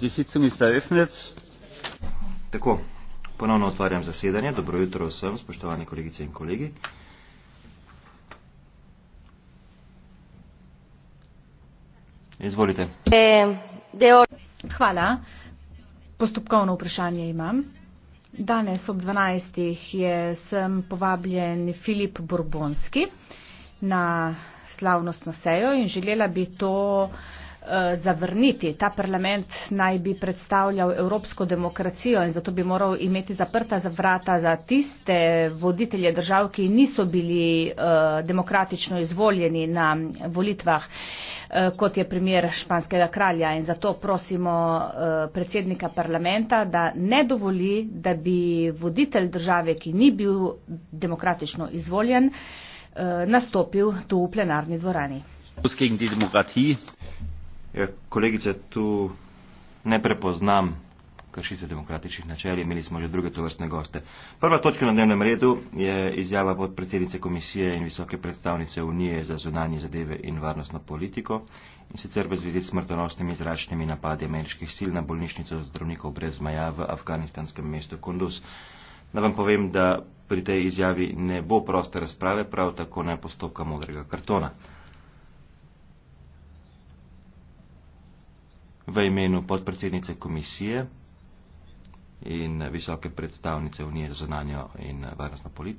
Die Sitzung ist eröffnet. Tako, ponovno otvarjam zasedanje. Dobro jutro vsem, spoštovani kolegice in kolegi. Izvolite. Hvala. Postopkovno vprašanje imam. Danes ob 12. je sem povabljen Filip Borbonski na slavnostno sejo in želela bi to Eh, zavrniti. Ta parlament naj bi predstavljal evropsko demokracijo in zato bi moral imeti zaprta vrata za tiste voditelje držav, ki niso bili eh, demokratično izvoljeni na volitvah, eh, kot je primer španskega kralja. In zato prosimo predsednika parlamenta, da ne dovoli, da bi voditelj države, ki ni bil demokratično izvoljen, nastopil tu v plenarni dvorani. Gegen die Demokratie. Ja, kolegice, tu ne prepoznam kršitve demokratičnih načel, imeli smo že druge tovrstne goste. Prva točka na dnevnem redu je izjava podpredsednice komisije in visoke predstavnice Unije za zunanje zadeve in varnostno politiko in sicer v zvezi s smrtonosnimi zračnimi napadi ameriških sil na bolnišnico zdravnikov brez maja v afganistanskem mestu Kunduz. Da vam povem, da pri tej izjavi ne bo proste razprave, prav tako ne postopka modrega kartona. v imenu podpredsednice komisije in visoke predstavnice Unije za zunanjo in varnostno politiko.